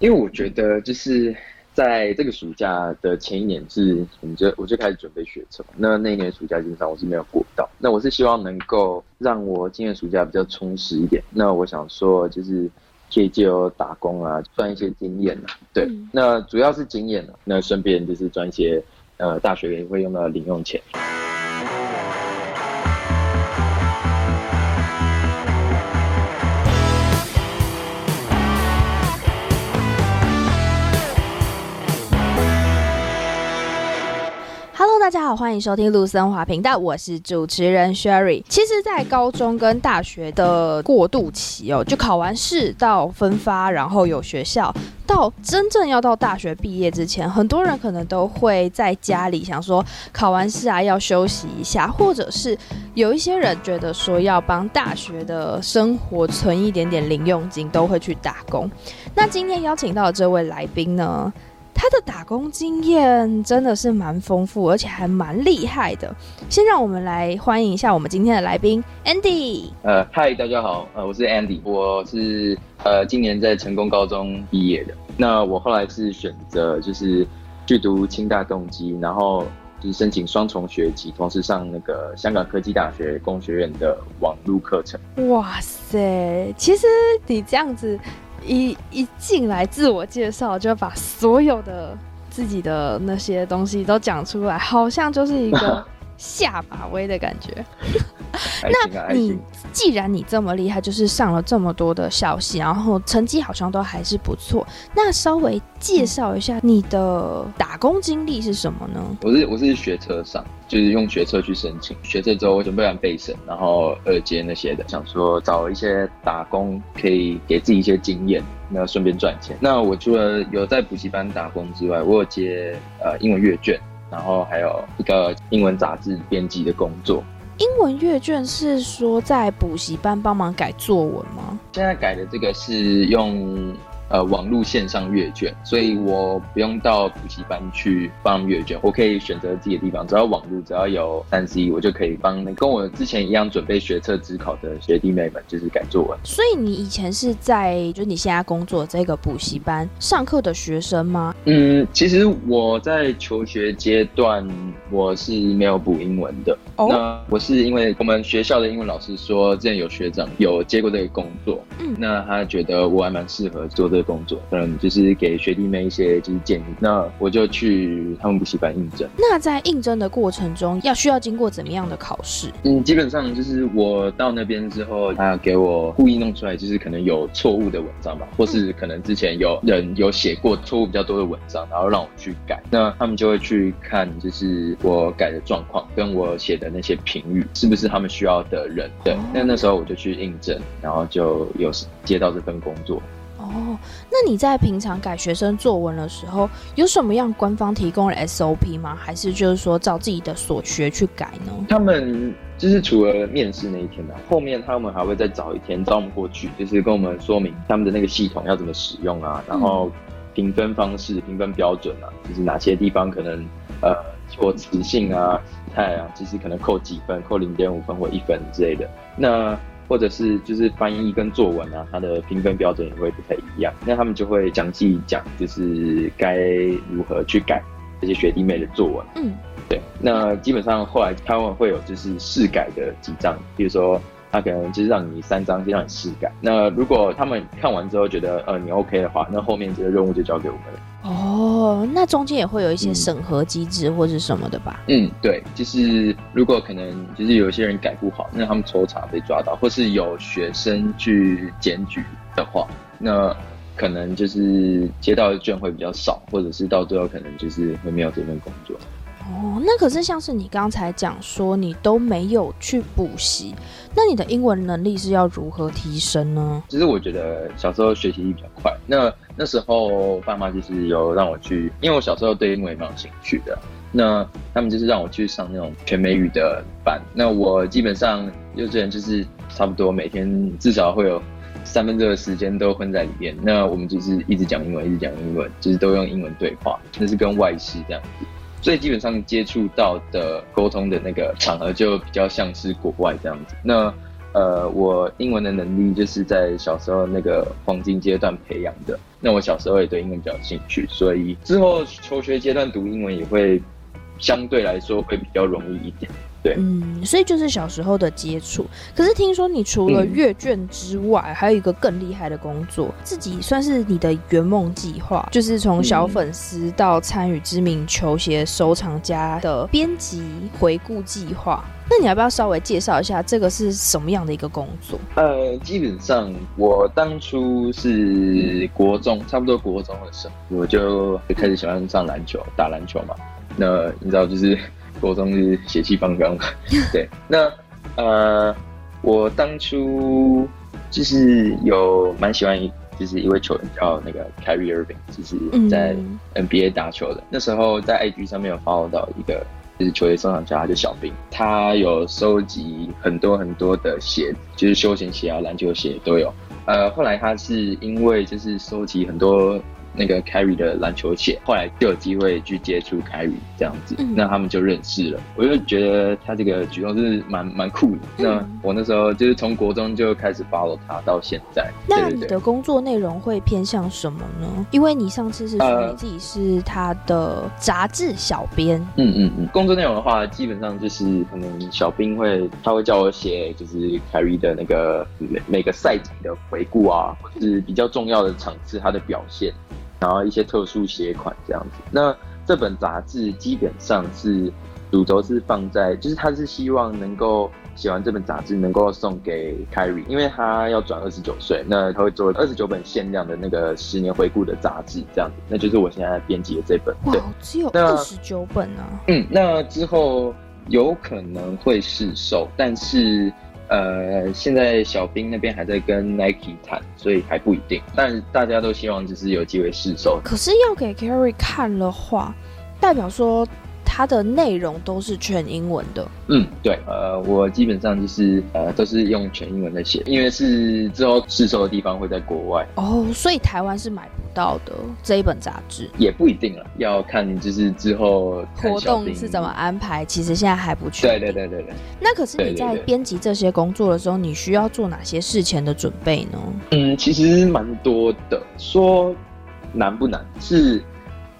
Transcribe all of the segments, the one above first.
因為我覺得就是在這個暑假的前一年，是我們就我就開始準備學車。那那一年暑假基本上我是沒有過到。那我是希望能夠讓我今年暑假比較充實一點。那我想說就是可以藉由打工啊，賺一些經驗啊。對、嗯，那主要是經驗啊。那順便就是賺一些呃大學也會用到的零用錢。大家好，歡迎收聽路森華頻道，我是主持人 Sherry。其實，在高中跟大學的過渡期哦，就考完試到分發，然後有學校到真正要到大學畢業之前，很多人可能都會在家裡想說，考完試啊要休息一下，或者是有一些人覺得說要幫大學的生活存一點點零用金，都會去打工。那今天邀請到的這位來賓呢？他的打工經驗真的是蠻豐富，而且還蠻厲害的。先讓我們來歡迎一下我們今天的來賓 Andy。呃，嗨，大家好，呃，我是 Andy，我是呃今年在成功高中畢業的。那我後來是選擇就是去讀清大動機，然後就是申請雙重學籍，同時上那個香港科技大學工學院的網路課程。哇塞，其實你這樣子。一一進來，自我介紹就把所有的自己的那些東西都講出來，好像就是一個下馬威的感覺。 那你既然你這麼厲害，就是上了這麼多的校系，然後成績好像都還是不錯。那稍微介紹一下你的打工經歷是什麼呢？嗯、我是我是學測上，就是用學測去申請學測之後，我準備完備審，然後二階那些的，想說找一些打工可以給自己一些經驗，那個、順便賺錢。那我除了有在補習班打工之外，我有接呃英文閱卷，然後還有一個英文雜誌編輯的工作。英文閱卷是說在補習班幫忙改作文嗎？現在改的這個是用。呃，網絡線上閱卷，所以我不用到補習班去幫閱卷，我可以選擇自己的地方，只要網絡，只要有三 C，我就可以幫。那跟我之前一樣，準備學測指考的學弟妹們，就是改作文。所以你以前是在，就是你現在工作這個補習班上課的學生嗎？嗯，其實我在求學階段我是沒有補英文的。哦，Oh，那我是因為我們學校的英文老師說，之前有學長有接過這個工作，嗯，那他覺得我還蠻適合做這個的工作，嗯，就是給學弟妹一些就是建議。那我就去他們補習班應徵。那在應徵的過程中，要需要經過怎麼樣的考試？嗯，基本上就是我到那邊之後，他要給我故意弄出來，就是可能有錯誤的文章吧，或是可能之前有人有寫過錯誤比較多的文章，然後讓我去改。那他們就會去看，就是我改的狀況跟我寫的那些評語，是不是他們需要的人，對。那那時候我就去應徵，然後就有接到這份工作。哦，那你在平常改學生作文的時候，有什麼樣官方提供的 SOP 嗎？還是就是說照自己的所學去改呢？他們就是除了面試那一天的、啊、後面他們還會再找一天找我們過去，就是跟我們說明他們的那個系統要怎麼使用啊，然後評分方式、評分標準啊，就是哪些地方可能呃，或詞性啊、態啊，其實可能扣幾分、扣零點五分或一分之類的。那或者是就是翻譯跟作文啊，它的評分標準也會不太一樣，那他們就會詳細講，就是該如何去改這些學弟妹的作文。嗯，對，那基本上後來他們會有就是試改的幾張，比如說他、啊、可能就是讓你三張就讓你試改，那如果他們看完之後覺得呃你 OK 的話，那後面這個任務就交給我們了。哦。哦，那中間也會有一些審核機制，或是什麼的吧？嗯，對，就是如果可能，就是有些人改不好，那他們抽查被抓到，或是有學生去檢舉的話，那可能就是接到的卷會比較少，或者是到最後可能就是會沒有這份工作。哦，那可是像是你剛才講說你都沒有去補習，那你的英文能力是要如何提升呢？其實我覺得小時候學習比較快。那那時候爸媽就是有讓我去，因為我小時候對英文也蠻有興趣的。那他們就是讓我去上那種全美語的班。那我基本上幼稚園就是差不多每天至少會有三分之二的時間都混在裡面。那我們就是一直講英文，一直講英文，就是都用英文對話，那、就是跟外師這樣子。所以基本上接觸到的溝通的那個場合，就比較像是國外這樣子。那呃，我英文的能力就是在小時候那個黃金階段培養的。那我小時候也對英文比較有興趣，所以之後求學階段讀英文也會相對來說會比較容易一點。嗯，所以就是小時候的接觸。可是聽說你除了閱卷之外，嗯，還有一個更厲害的工作，自己算是你的圓夢計劃，就是從小粉絲到參與知名球鞋收藏家的編輯回顧計劃。那你要不要稍微介紹一下這個是什麼樣的一個工作？呃，基本上我當初是國中，差不多國中的時候，我就開始喜歡上籃球，打籃球嘛。那你知道就是。高中是血氣方剛，對。那呃，我當初就是有蠻喜歡一，就是一位球員叫那個 Kyrie Irving，就是在 NBA 打球的、嗯。那時候在 IG 上面有 follow 到一個就是球鞋收藏家，就小兵，他有收集很多很多的鞋，就是休閒鞋啊、籃球鞋都有。呃，後來他是因為就是收集很多。那個凱瑞 r r 的籃球鞋，後來就有機會去接觸凱瑞 r r 這樣子、嗯，那他們就認識了。我就覺得他這個舉動是蠻蠻酷的、嗯。那我那時候就是從國中就開始 follow 他，到現在、嗯，對對對。那你的工作內容會偏向什麼呢？因為你上次是自己是他的雜誌小編、呃。嗯嗯嗯，工作內容的話，基本上就是可能、嗯、小兵會他會叫我寫，就是凱瑞 r r 的那個每每個賽季的回顧啊，嗯、是比較重要的場次他的表現。然後一些特殊鞋款這樣子，那這本雜誌基本上是主軸是放在，就是他是希望能夠寫完這本雜誌，能夠送給凱瑞，因為他要轉二十九歲，那他會做二十九本限量的那個十年回顧的雜誌這樣子，那就是我現在編輯的這本。對哇，只有二十九本啊！嗯，那之後有可能會市售，但是。呃，現在小兵那邊還在跟 Nike 談，所以還不一定。但大家都希望就是有機會試手。可是要給 Carry 看的話，代表說。它的內容都是全英文的。嗯，對，呃，我基本上就是呃，都是用全英文在寫，因為是之後市售的地方會在國外。哦，所以台灣是買不到的這一本雜誌。也不一定了，要看就是之後活動是怎麼安排。其實現在還不確定。對對對對對。那可是你在編輯這些工作的時候，你需要做哪些事前的準備呢？嗯，其實蠻多的。說難不難是。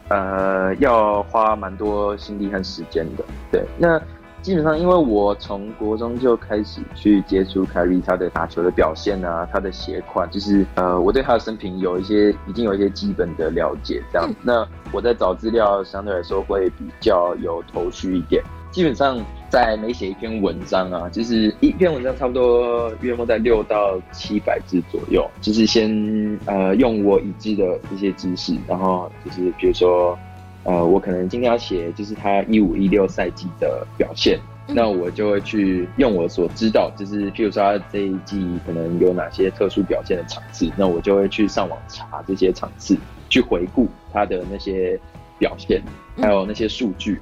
呃，要花蠻多心力和時間的。對，那基本上因為我從國中就開始去接觸凱瑞他的打球的表現啊，他的鞋款，就是呃，我對他的生平有一些、已經有一些基本的了解。這樣，那我在找資料相對來說會比較有頭緒一點，基本上。在每寫一篇文章啊，就是一篇文章差不多約莫在六到七百字左右。就是先呃，用我已知的一些知識，然後就是比如說，呃，我可能今天要寫就是他一五一六賽季的表現，那我就會去用我所知道，就是譬如說他這一季可能有哪些特殊表現的場次，那我就會去上網查這些場次，去回顧他的那些表現，還有那些數據。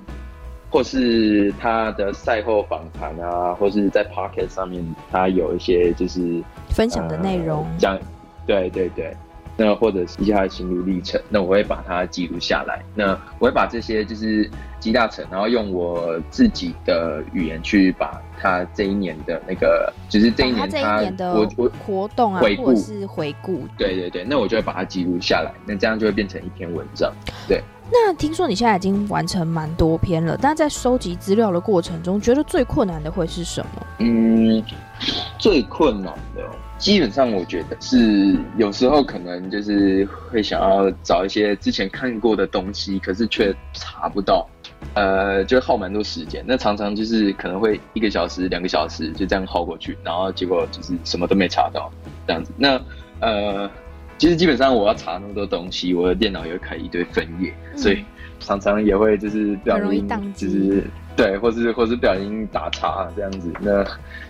或是他的賽後訪談啊，或是在 Pocket 上面，他有一些就是分享的內容，講、呃，對對對，那或者是一些他的心路歷程，那我會把它記錄下來，那我會把這些就是。集大成，然後用我自己的語言去把他這一年的那個，就是這一年他，他一年的活動啊，或者是回顧，對對對，那我就會把它記錄下來，那這樣就會變成一篇文章。對，那聽說你現在已經完成蠻多篇了，但在收集資料的過程中，覺得最困難的會是什麼？嗯，最困難的，基本上我覺得是有時候可能就是會想要找一些之前看過的東西，可是卻查不到。呃，就耗蠻多時間，那常常就是可能會一個小時、兩個小時就這樣耗過去，然後結果就是什麼都沒查到這樣子。那呃，其實基本上我要查那麼多東西，我的電腦也會開一堆分頁，嗯，所以常常也會就是比較容易就是。對，或是或是不小心打岔這樣子，那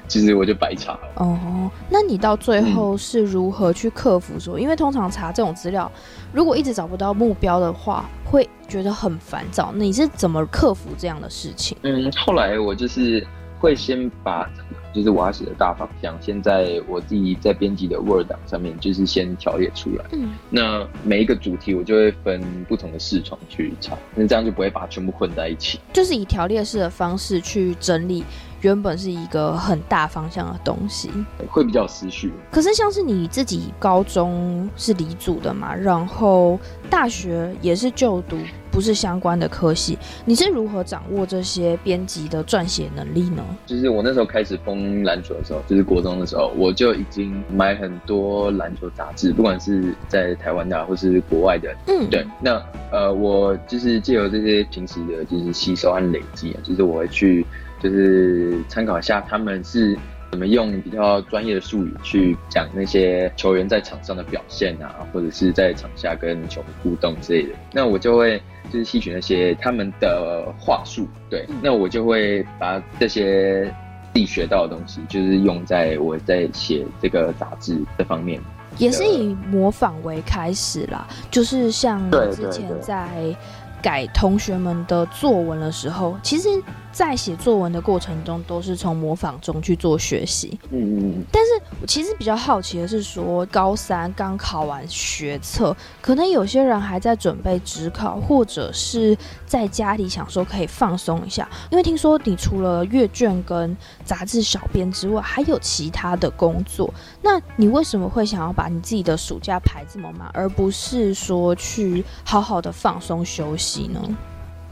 其實我就白查了。哦，那你到最後是如何去克服？說、嗯，因為通常查這種資料，如果一直找不到目標的話，會覺得很煩躁。那你是怎麼克服這樣的事情？嗯，後來我就是。會先把就是我要寫的大方向，先在我自己在編輯的 Word 檔上面，就是先條列出來。嗯，那每一個主題我就會分不同的視窗去查，那這樣就不會把它全部混在一起。就是以條列式的方式去整理原本是一個很大方向的東西，會比較有思緒。可是像是你自己高中是理組的嘛，然後大學也是就讀不是相關的科系，你是如何掌握這些編輯的撰寫能力呢？就是我那時候開始封籃球的時候，就是國中的時候，我就已經買很多籃球雜誌，不管是在台灣的或是國外的，嗯，對。那呃，我就是借由這些平時的，就是吸收和累積啊，就是我會去，就是參考一下他們是。我們用比較專業的術語去講那些球員在場上的表現啊，或者是在場下跟球迷互動之類的，那我就會就是吸取那些他們的話術。對、嗯，那我就會把這些地學到的東西，就是用在我在寫這個雜誌這方面，也是以模仿為開始啦。就是像之前在改同學們的作文的時候，其實。在寫作文的過程中，都是從模仿中去做學習。嗯，但是我其實比較好奇的是，說高三剛考完學測，可能有些人還在準備指考，或者是在家裡想說可以放鬆一下。因為聽說你除了閱卷跟雜誌小編之外，還有其他的工作。那你為什麼會想要把你自己的暑假排這麼滿，而不是說去好好的放鬆休息呢？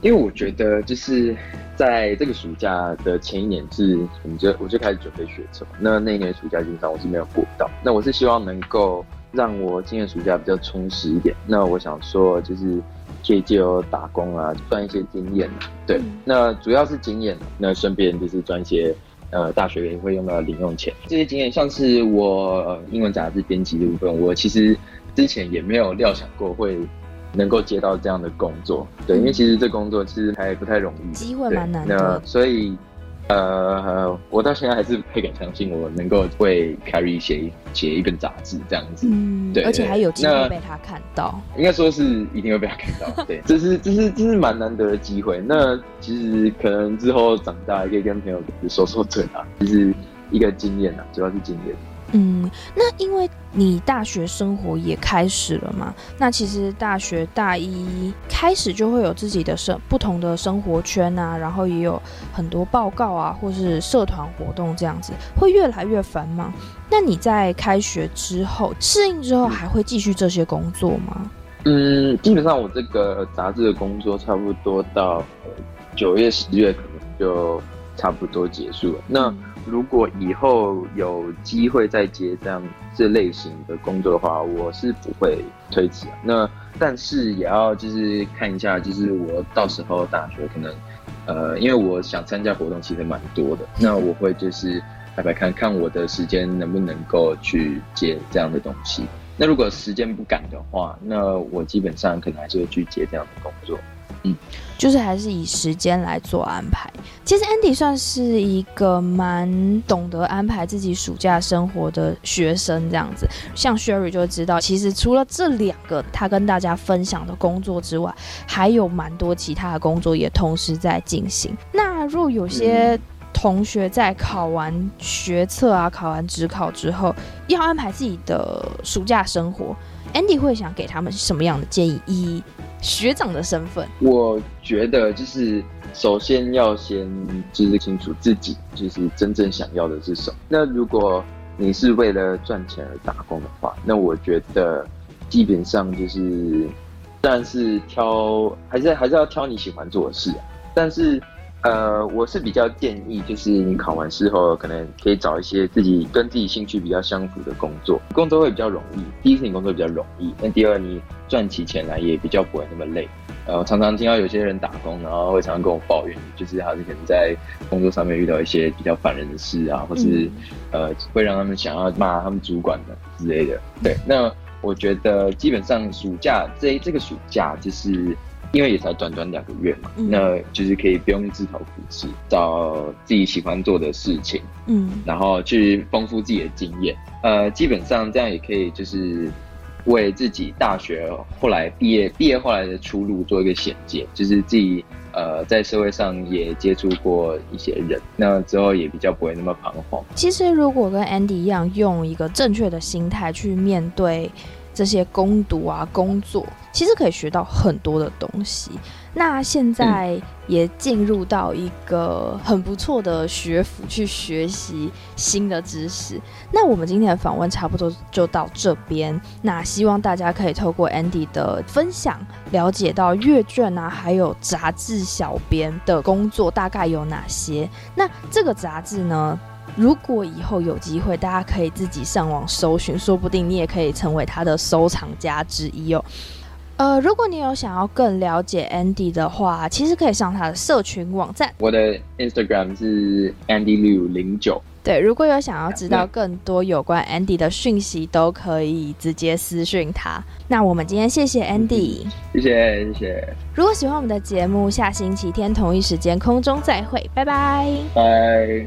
因為我覺得就是在這個暑假的前一年是，我就我就開始準備學車。那那一年暑假基本上我是沒有過不到。那我是希望能夠讓我今年暑假比較充實一點。那我想說就是可以藉由打工啊，賺一些經驗、啊。對、嗯，那主要是經驗。那順便就是賺一些呃大學也會用到的零用錢。這些經驗像是我英文雜誌編輯的部分，我其實之前也沒有料想過會。能夠接到這樣的工作，對，因為其實這工作其實還不太容易，機會蠻難的。難的那所以，呃，我到現在還是不太敢相信我能夠為 carry 寫寫一本雜誌這樣子，嗯，對，而且還有機會被他看到，應該說是一定會被他看到。對，這是這是這是蠻難得的機會。 那其實可能之後長大也可以跟朋友就說說嘴啊，就是一個經驗啊，主要是經驗。嗯，那因為你大學生活也開始了嘛，那其實大學大一開始就會有自己的生不同的生活圈啊，然後也有很多報告啊，或是社團活動這樣子，會越來越繁忙。那你在開學之後適應之後，還會繼續這些工作嗎？嗯，基本上我這個雜誌的工作差不多到九月十月可能就差不多結束了。那如果以後有機會再接這樣這類型的工作的話，我是不會推遲。那但是也要就是看一下，就是我到時候大學可能，呃，因為我想參加活動其實蠻多的。那我會就是大概看看我的時間能不能夠去接這樣的東西。那如果時間不趕的話，那我基本上可能還是會去接這樣的工作。嗯，就是還是以時間來做安排。其實 Andy 算是一個蠻懂得安排自己暑假生活的學生，這樣子。像 Sherry 就知道，其實除了這兩個他跟大家分享的工作之外，還有蠻多其他的工作也同時在進行。那若有些同學在考完學測啊、考完指考之後，要安排自己的暑假生活。Andy 會想給他們是什麼樣的建議？以學長的身份，我覺得就是首先要先就是清楚自己就是真正想要的是什麼。那如果你是為了賺錢而打工的話，那我覺得基本上就是，但是挑還是還是要挑你喜歡做的事啊，但是。呃，我是比較建議，就是你考完試後，可能可以找一些自己跟自己興趣比較相符的工作，工作會比較容易。第一，是你工作比較容易；那第二，你賺起錢來也比較不會那麼累。呃，常常聽到有些人打工，然後會常常跟我抱怨，就是他是可能在工作上面遇到一些比較煩人的事啊，或是、嗯、呃，會讓他們想要罵他們主管的之類的。對，那我覺得基本上暑假這一這個暑假就是。因為也才短短兩個月嘛，嗯，那就是可以不用自討苦吃，找自己喜歡做的事情，嗯，然後去豐富自己的經驗。呃，基本上這樣也可以，就是為自己大學後來畢業畢業後來的出路做一個銜接，就是自己呃在社會上也接觸過一些人，那之後也比較不會那麼彷徨。其實，如果跟 Andy 一樣，用一個正確的心態去面對。這些工讀啊，工作其實可以學到很多的東西。那現在也進入到一個很不錯的學府去學習新的知識。那我們今天的訪問差不多就到這邊。那希望大家可以透過 Andy 的分享，了解到閱卷啊，還有雜誌小編的工作大概有哪些。那這個雜誌呢？如果以後有機會，大家可以自己上網搜尋，說不定你也可以成為他的收藏家之一哦。呃，如果你有想要更了解 Andy 的話，其實可以上他的社群網站。我的 Instagram 是 Andy 六零九。對，如果有想要知道更多有關 Andy 的訊息，都可以直接私訊他。那我們今天謝謝 Andy，謝謝謝謝。如果喜歡我們的節目，下星期天同一時間空中再會，拜拜，拜。